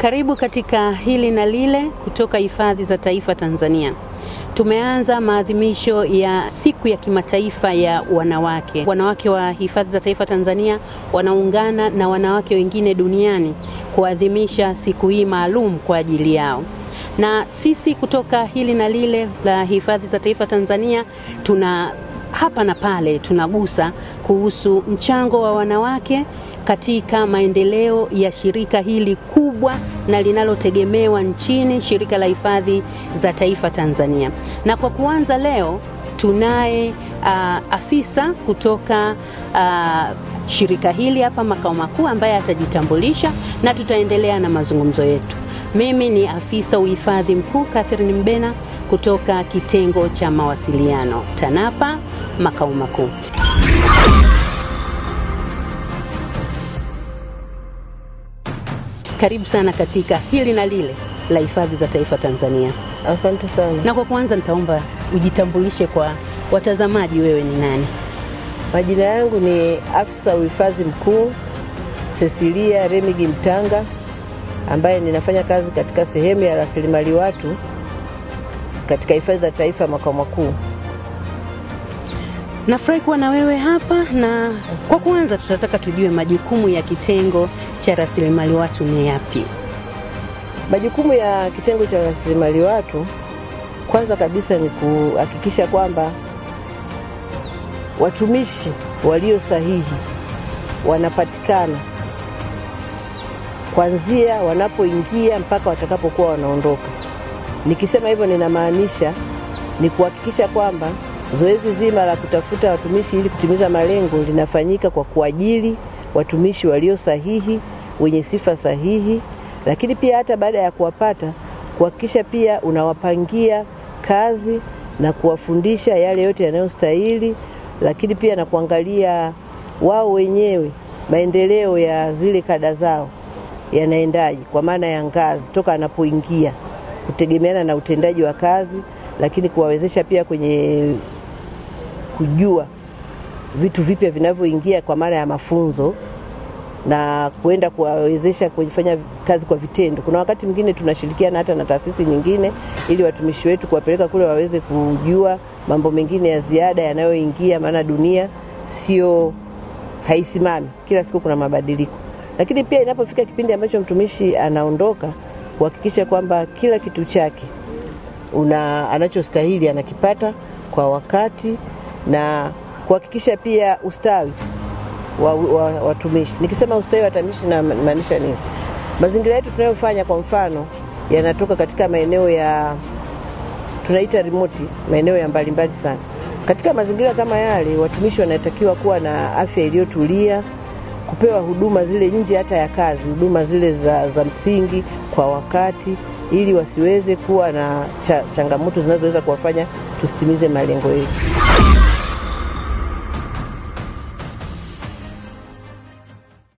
Karibu katika hili na lile kutoka hifadhi za taifa Tanzania. Tumeanza maadhimisho ya siku ya kimataifa ya wanawake. Wanawake wa hifadhi za taifa Tanzania wanaungana na wanawake wengine duniani kuadhimisha siku hii maalum kwa ajili yao na sisi kutoka hili na lile la hifadhi za taifa Tanzania tuna hapa na pale tunagusa kuhusu mchango wa wanawake katika maendeleo ya shirika hili kubwa na linalotegemewa nchini, shirika la hifadhi za taifa Tanzania. Na kwa kuanza leo tunaye uh, afisa kutoka uh, shirika hili hapa makao makuu ambaye atajitambulisha na tutaendelea na mazungumzo yetu. Mimi ni afisa uhifadhi mkuu Catherine Mbena kutoka kitengo cha mawasiliano TANAPA makao makuu. Karibu sana katika hili na lile la hifadhi za taifa Tanzania. Asante sana. Na kwa kwanza nitaomba ujitambulishe kwa watazamaji, wewe ni nani? Majina yangu ni afisa uhifadhi mkuu Cecilia Remigi Mtanga ambaye ninafanya kazi katika sehemu ya rasilimali watu katika hifadhi za taifa makao makuu. Nafurahi kuwa na wewe hapa na kwa kwanza, tunataka tujue majukumu ya kitengo cha rasilimali watu ni yapi? Majukumu ya kitengo cha rasilimali watu, kwanza kabisa ni kuhakikisha kwamba watumishi walio sahihi wanapatikana kuanzia wanapoingia mpaka watakapokuwa wanaondoka. Nikisema hivyo, ninamaanisha ni kuhakikisha kwamba Zoezi zima la kutafuta watumishi ili kutimiza malengo linafanyika kwa kuajili watumishi walio sahihi, wenye sifa sahihi, lakini pia hata baada ya kuwapata kuhakikisha pia unawapangia kazi na kuwafundisha yale yote yanayostahili, lakini pia na kuangalia wao wenyewe maendeleo ya zile kada zao yanaendaje, kwa maana ya ngazi toka anapoingia, kutegemeana na utendaji wa kazi, lakini kuwawezesha pia kwenye kujua vitu vipya vinavyoingia kwa mara ya mafunzo na kuenda kuwawezesha kufanya kazi kwa vitendo. Kuna wakati mwingine tunashirikiana hata na taasisi nyingine ili watumishi wetu kuwapeleka kule waweze kujua mambo mengine ya ziada yanayoingia, maana dunia sio haisimami, kila siku kuna mabadiliko. Lakini pia inapofika kipindi ambacho mtumishi anaondoka, kuhakikisha kwamba kila kitu chake una anachostahili anakipata kwa wakati na kuhakikisha pia ustawi wa watumishi. Nikisema ustawi wa watumishi namaanisha nini? Mazingira yetu tunayofanya kwa mfano yanatoka katika maeneo ya tunaita remote, maeneo ya mbalimbali sana. Katika mazingira kama yale, watumishi wanatakiwa kuwa na afya iliyotulia, kupewa huduma zile nje hata ya kazi, huduma zile za, za msingi kwa wakati ili wasiweze kuwa na cha, changamoto zinazoweza kuwafanya tusitimize malengo yetu.